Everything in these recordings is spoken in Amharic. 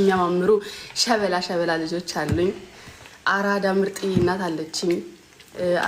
የሚያማምሩ ሸበላ ሸበላ ልጆች አሉኝ። አራዳ ምርጥዬ እናት አለችኝ።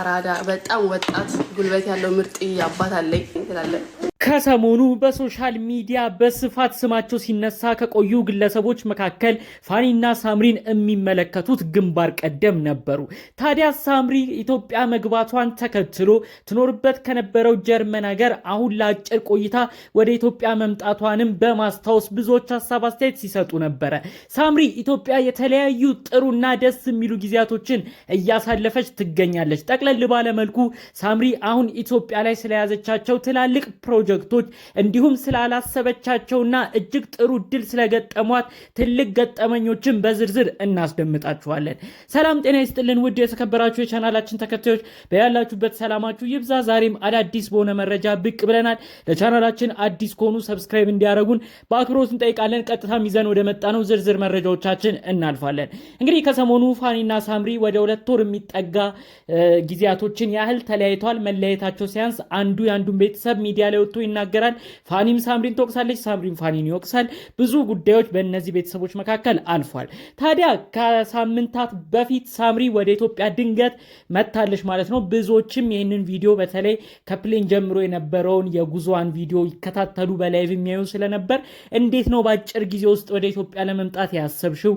አራዳ በጣም ወጣት ጉልበት ያለው ምርጥዬ አባት አለኝ ትላለን ከሰሞኑ በሶሻል ሚዲያ በስፋት ስማቸው ሲነሳ ከቆዩ ግለሰቦች መካከል ፋኒና ሳምሪን የሚመለከቱት ግንባር ቀደም ነበሩ። ታዲያ ሳምሪ ኢትዮጵያ መግባቷን ተከትሎ ትኖርበት ከነበረው ጀርመን ሀገር አሁን ለአጭር ቆይታ ወደ ኢትዮጵያ መምጣቷንም በማስታወስ ብዙዎች ሀሳብ አስተያየት ሲሰጡ ነበረ። ሳምሪ ኢትዮጵያ የተለያዩ ጥሩና ደስ የሚሉ ጊዜያቶችን እያሳለፈች ትገኛለች። ጠቅለል ባለመልኩ ሳምሪ አሁን ኢትዮጵያ ላይ ስለያዘቻቸው ትላልቅ ፕሮ ፕሮጀክቶች እንዲሁም ስላላሰበቻቸውና እጅግ ጥሩ እድል ስለገጠሟት ትልቅ ገጠመኞችን በዝርዝር እናስደምጣችኋለን። ሰላም ጤና ይስጥልን ውድ የተከበራችሁ የቻናላችን ተከታዮች በያላችሁበት ሰላማችሁ ይብዛ። ዛሬም አዳዲስ በሆነ መረጃ ብቅ ብለናል። ለቻናላችን አዲስ ከሆኑ ሰብስክራይብ እንዲያደረጉን በአክብሮት እንጠይቃለን። ቀጥታም ይዘን ወደ ነው ዝርዝር መረጃዎቻችን እናልፋለን። እንግዲህ ከሰሞኑ ፋኒና ሳምሪ ወደ ሁለት ወር የሚጠጋ ጊዜያቶችን ያህል ተለያይተዋል። መለያየታቸው ሲያንስ አንዱ የአንዱን ቤተሰብ ሚዲያ ላይ ወጥቶ ይናገራል። ፋኒም ሳምሪን ትወቅሳለች፣ ሳምሪም ፋኒን ይወቅሳል። ብዙ ጉዳዮች በእነዚህ ቤተሰቦች መካከል አልፏል። ታዲያ ከሳምንታት በፊት ሳምሪ ወደ ኢትዮጵያ ድንገት መታለች ማለት ነው። ብዙዎችም ይህንን ቪዲዮ በተለይ ከፕሌን ጀምሮ የነበረውን የጉዞዋን ቪዲዮ ይከታተሉ በላይቭ የሚያዩ ስለነበር እንዴት ነው በአጭር ጊዜ ውስጥ ወደ ኢትዮጵያ ለመምጣት ያሰብሽው?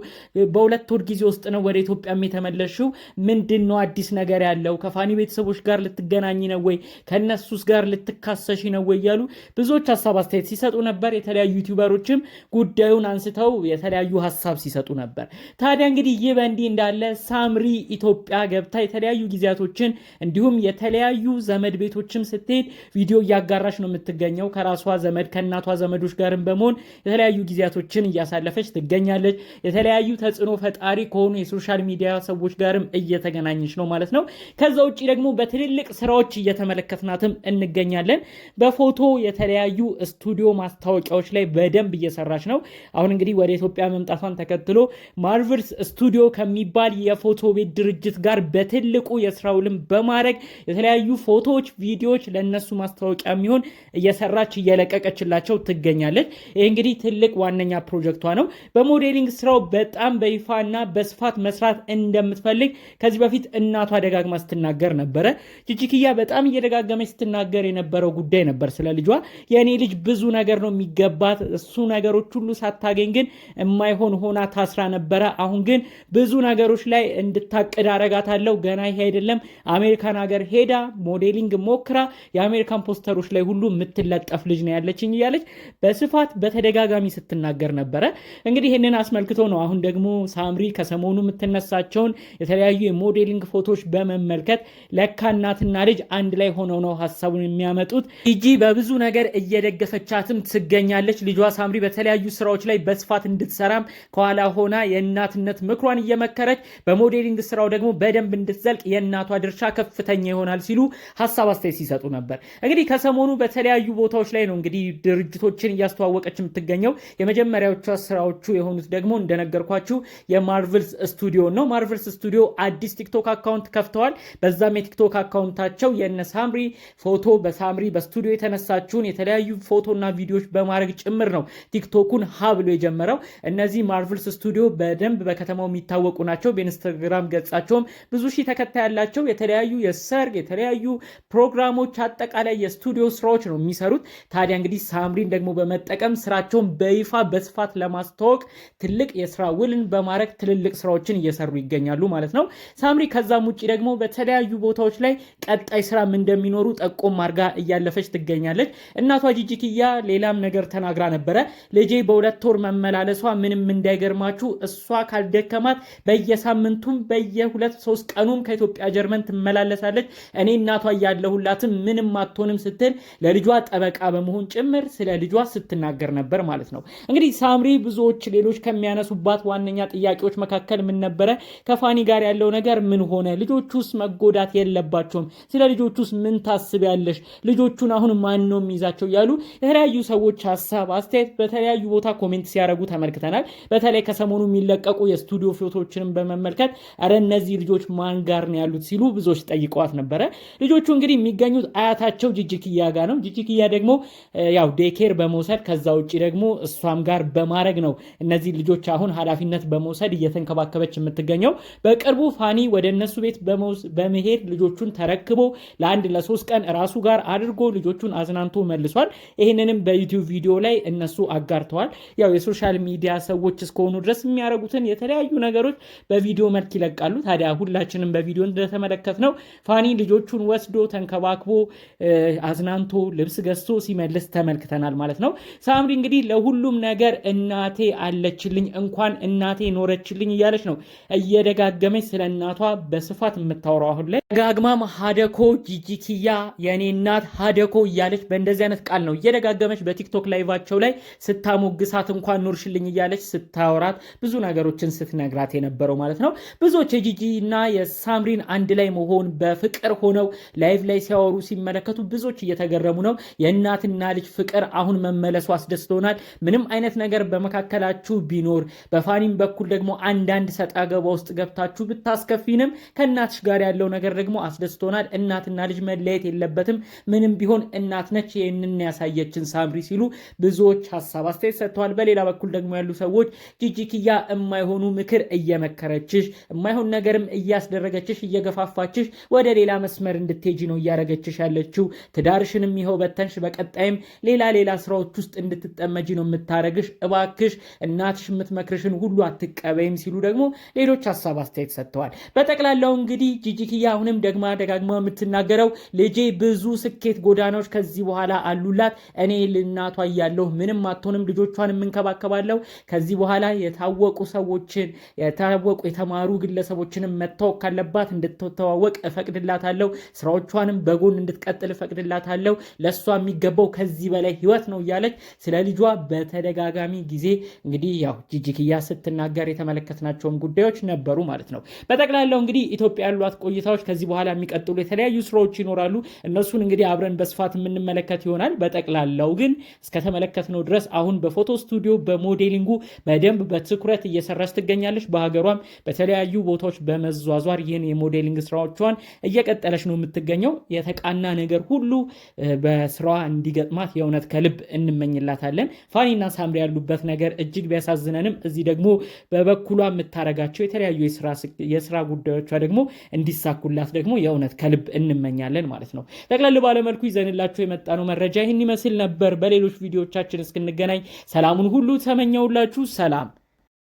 በሁለት ወር ጊዜ ውስጥ ነው ወደ ኢትዮጵያ የተመለስሽው። ምንድን ነው አዲስ ነገር ያለው? ከፋኒ ቤተሰቦች ጋር ልትገናኝ ነው ወይ? ከእነሱስ ጋር ልትካሰሽ ነው ወይ? እያሉ ብዙዎች ሀሳብ አስተያየት ሲሰጡ ነበር። የተለያዩ ዩቲዩበሮችም ጉዳዩን አንስተው የተለያዩ ሀሳብ ሲሰጡ ነበር። ታዲያ እንግዲህ ይህ በእንዲህ እንዳለ ሳምሪ ኢትዮጵያ ገብታ የተለያዩ ጊዜያቶችን እንዲሁም የተለያዩ ዘመድ ቤቶችም ስትሄድ ቪዲዮ እያጋራች ነው የምትገኘው። ከራሷ ዘመድ ከእናቷ ዘመዶች ጋርም በመሆን የተለያዩ ጊዜያቶችን እያሳለፈች ትገኛለች። የተለያዩ ተጽዕኖ ፈጣሪ ከሆኑ የሶሻል ሚዲያ ሰዎች ጋርም እየተገናኘች ነው ማለት ነው። ከዛ ውጭ ደግሞ በትልልቅ ስራዎች እየተመለከትናትም እንገኛለን። በፎቶ ፎቶ የተለያዩ ስቱዲዮ ማስታወቂያዎች ላይ በደንብ እየሰራች ነው። አሁን እንግዲህ ወደ ኢትዮጵያ መምጣቷን ተከትሎ ማርቨልስ ስቱዲዮ ከሚባል የፎቶ ቤት ድርጅት ጋር በትልቁ የስራ ውልም በማድረግ የተለያዩ ፎቶዎች፣ ቪዲዮዎች ለእነሱ ማስታወቂያ የሚሆን እየሰራች እየለቀቀችላቸው ትገኛለች። ይህ እንግዲህ ትልቅ ዋነኛ ፕሮጀክቷ ነው። በሞዴሊንግ ስራው በጣም በይፋና በስፋት መስራት እንደምትፈልግ ከዚህ በፊት እናቷ ደጋግማ ስትናገር ነበረ። ጂጂኪያ በጣም እየደጋገመች ስትናገር የነበረው ጉዳይ ነበር ስለ ለልጇ የእኔ ልጅ ብዙ ነገር ነው የሚገባት እሱ ነገሮች ሁሉ ሳታገኝ ግን የማይሆን ሆና ታስራ ነበረ። አሁን ግን ብዙ ነገሮች ላይ እንድታቅድ አረጋታለሁ። ገና ይሄ አይደለም አሜሪካን ሀገር ሄዳ ሞዴሊንግ ሞክራ የአሜሪካን ፖስተሮች ላይ ሁሉ የምትለጠፍ ልጅ ነው ያለችኝ እያለች በስፋት በተደጋጋሚ ስትናገር ነበረ። እንግዲህ ይህንን አስመልክቶ ነው አሁን ደግሞ ሳምሪ ከሰሞኑ የምትነሳቸውን የተለያዩ የሞዴሊንግ ፎቶዎች በመመልከት ለካ እናትና ልጅ አንድ ላይ ሆነው ነው ሀሳቡን የሚያመጡት። ጂጂ በብዙ ነገር እየደገፈቻትም ትገኛለች። ልጇ ሳምሪ በተለያዩ ስራዎች ላይ በስፋት እንድትሰራም ከኋላ ሆና የእናትነት ምክሯን እየመከረች በሞዴሊንግ ስራው ደግሞ በደንብ እንድትዘልቅ የእናቷ ድርሻ ከፍተኛ ይሆናል ሲሉ ሀሳብ አስተያየት ሲሰጡ ነበር። እንግዲህ ከሰሞኑ በተለያዩ ቦታዎች ላይ ነው እንግዲህ ድርጅቶችን እያስተዋወቀች የምትገኘው። የመጀመሪያዎቿ ስራዎቹ የሆኑት ደግሞ እንደነገርኳችሁ የማርቨልስ ስቱዲዮ ነው። ማርቨልስ ስቱዲዮ አዲስ ቲክቶክ አካውንት ከፍተዋል። በዛም የቲክቶክ አካውንታቸው የነ ሳምሪ ፎቶ በሳምሪ በስቱዲዮ የተነሳ ያስነሳችሁን የተለያዩ ፎቶና ቪዲዮዎች በማድረግ ጭምር ነው ቲክቶኩን ሀ ብሎ የጀመረው። እነዚህ ማርቭልስ ስቱዲዮ በደንብ በከተማው የሚታወቁ ናቸው። በኢንስታግራም ገጻቸውም ብዙ ሺህ ተከታይ ያላቸው የተለያዩ የሰርግ የተለያዩ ፕሮግራሞች፣ አጠቃላይ የስቱዲዮ ስራዎች ነው የሚሰሩት። ታዲያ እንግዲህ ሳምሪን ደግሞ በመጠቀም ስራቸውን በይፋ በስፋት ለማስተዋወቅ ትልቅ የስራ ውልን በማድረግ ትልልቅ ስራዎችን እየሰሩ ይገኛሉ ማለት ነው። ሳምሪ ከዛም ውጭ ደግሞ በተለያዩ ቦታዎች ላይ ቀጣይ ስራም እንደሚኖሩ ጠቆም አድርጋ እያለፈች ትገኛለች። ትገኛለች። እናቷ ጂጂክያ ሌላም ነገር ተናግራ ነበረ። ልጄ በሁለት ወር መመላለሷ ምንም እንዳይገርማችሁ እሷ ካልደከማት በየሳምንቱም በየሁለት ሶስት ቀኑም ከኢትዮጵያ ጀርመን ትመላለሳለች። እኔ እናቷ እያለሁላትም ምንም አትሆንም ስትል ለልጇ ጠበቃ በመሆን ጭምር ስለ ልጇ ስትናገር ነበር ማለት ነው። እንግዲህ ሳምሪ ብዙዎች ሌሎች ከሚያነሱባት ዋነኛ ጥያቄዎች መካከል ምን ነበረ? ከፋኒ ጋር ያለው ነገር ምን ሆነ? ልጆቹስ መጎዳት የለባቸውም? ስለ ልጆቹስ ምን ታስቢያለሽ? ልጆቹን አሁን ማን ነው የሚይዛቸው እያሉ የተለያዩ ሰዎች ሀሳብ፣ አስተያየት በተለያዩ ቦታ ኮሜንት ሲያደርጉ ተመልክተናል። በተለይ ከሰሞኑ የሚለቀቁ የስቱዲዮ ፎቶዎችንም በመመልከት ኧረ እነዚህ ልጆች ማን ጋር ነው ያሉት ሲሉ ብዙዎች ጠይቀዋት ነበረ። ልጆቹ እንግዲህ የሚገኙት አያታቸው ጂጂክያ ጋር ነው። ጂጂክያ ደግሞ ያው ዴኬር በመውሰድ ከዛ ውጭ ደግሞ እሷም ጋር በማድረግ ነው እነዚህ ልጆች አሁን ኃላፊነት በመውሰድ እየተንከባከበች የምትገኘው። በቅርቡ ፋኒ ወደ እነሱ ቤት በመሄድ ልጆቹን ተረክቦ ለአንድ ለሶስት ቀን ራሱ ጋር አድርጎ ልጆቹን አጽናንቶ መልሷል። ይህንንም በዩቲዩብ ቪዲዮ ላይ እነሱ አጋርተዋል። ያው የሶሻል ሚዲያ ሰዎች እስከሆኑ ድረስ የሚያደርጉትን የተለያዩ ነገሮች በቪዲዮ መልክ ይለቃሉ። ታዲያ ሁላችንም በቪዲዮ እንደተመለከት ነው ፋኒ ልጆቹን ወስዶ ተንከባክቦ አዝናንቶ ልብስ ገዝቶ ሲመልስ ተመልክተናል ማለት ነው። ሳምሪ እንግዲህ ለሁሉም ነገር እናቴ አለችልኝ እንኳን እናቴ ኖረችልኝ እያለች ነው እየደጋገመች ስለ እናቷ በስፋት የምታወራው አሁን ላይ ደጋግማም ሀደኮ ጂጂኪያ የእኔ እናት ሀደኮ እያለች እያለች በእንደዚህ አይነት ቃል ነው እየደጋገመች በቲክቶክ ላይቫቸው ላይ ስታሞግሳት እንኳን ኑርሽልኝ እያለች ስታወራት ብዙ ነገሮችን ስትነግራት የነበረው ማለት ነው። ብዙዎች የጂጂ እና የሳምሪን አንድ ላይ መሆን በፍቅር ሆነው ላይቭ ላይ ሲያወሩ ሲመለከቱ ብዙዎች እየተገረሙ ነው። የእናትና ልጅ ፍቅር አሁን መመለሱ አስደስቶናል። ምንም አይነት ነገር በመካከላችሁ ቢኖር በፋኒም በኩል ደግሞ አንዳንድ ሰጣ ገባ ውስጥ ገብታችሁ ብታስከፊንም ከእናትሽ ጋር ያለው ነገር ደግሞ አስደስቶናል። እናትና ልጅ መለየት የለበትም ምንም ቢሆን እናት ናት ነች ይህንን ያሳየችን ሳምሪ ሲሉ ብዙዎች ሀሳብ አስተያየት ሰጥተዋል። በሌላ በኩል ደግሞ ያሉ ሰዎች ጅጅክያ የማይሆኑ ምክር እየመከረችሽ፣ የማይሆን ነገርም እያስደረገችሽ፣ እየገፋፋችሽ ወደ ሌላ መስመር እንድትሄጂ ነው እያረገችሽ ያለችው። ትዳርሽንም ይኸው በተንሽ፣ በቀጣይም ሌላ ሌላ ስራዎች ውስጥ እንድትጠመጂ ነው የምታረግሽ። እባክሽ እናትሽ የምትመክርሽን ሁሉ አትቀበይም ሲሉ ደግሞ ሌሎች ሀሳብ አስተያየት ሰጥተዋል። በጠቅላላው እንግዲህ ጂጂኪያ አሁንም ደግማ ደጋግማ የምትናገረው ልጄ ብዙ ስኬት ጎዳናዎች ከዚህ ከዚህ በኋላ አሉላት። እኔ ልናቷ እያለሁ ምንም አትሆንም፣ ልጆቿን የምንከባከባለሁ። ከዚህ በኋላ የታወቁ ሰዎችን የታወቁ የተማሩ ግለሰቦችንም መታወቅ ካለባት እንድትተዋወቅ እፈቅድላታለሁ። ስራዎቿንም በጎን እንድትቀጥል እፈቅድላታለሁ። ለእሷ የሚገባው ከዚህ በላይ ህይወት ነው እያለች ስለ ልጇ በተደጋጋሚ ጊዜ እንግዲህ ያው ጂጂክያ ስትናገር የተመለከትናቸውን ጉዳዮች ነበሩ ማለት ነው። በጠቅላላው እንግዲህ ኢትዮጵያ ያሏት ቆይታዎች ከዚህ በኋላ የሚቀጥሉ የተለያዩ ስራዎች ይኖራሉ። እነሱን እንግዲህ አብረን በስፋት የምንመ የምንመለከት ይሆናል። በጠቅላላው ግን እስከተመለከትነው ድረስ አሁን በፎቶ ስቱዲዮ በሞዴሊንጉ በደንብ በትኩረት እየሰራች ትገኛለች። በሀገሯም በተለያዩ ቦታዎች በመዟዟር ይህን የሞዴሊንግ ስራዎቿን እየቀጠለች ነው የምትገኘው። የተቃና ነገር ሁሉ በስራዋ እንዲገጥማት የእውነት ከልብ እንመኝላታለን። ፋኒና ሳምሪ ያሉበት ነገር እጅግ ቢያሳዝነንም እዚህ ደግሞ በበኩሏ የምታረጋቸው የተለያዩ የስራ ጉዳዮቿ ደግሞ እንዲሳኩላት ደግሞ የእውነት ከልብ እንመኛለን ማለት ነው። ጠቅለል ባለመልኩ ይዘንላቸው ያመጣነው መረጃ ይህን ይመስል ነበር። በሌሎች ቪዲዮዎቻችን እስክንገናኝ ሰላሙን ሁሉ ተመኘውላችሁ። ሰላም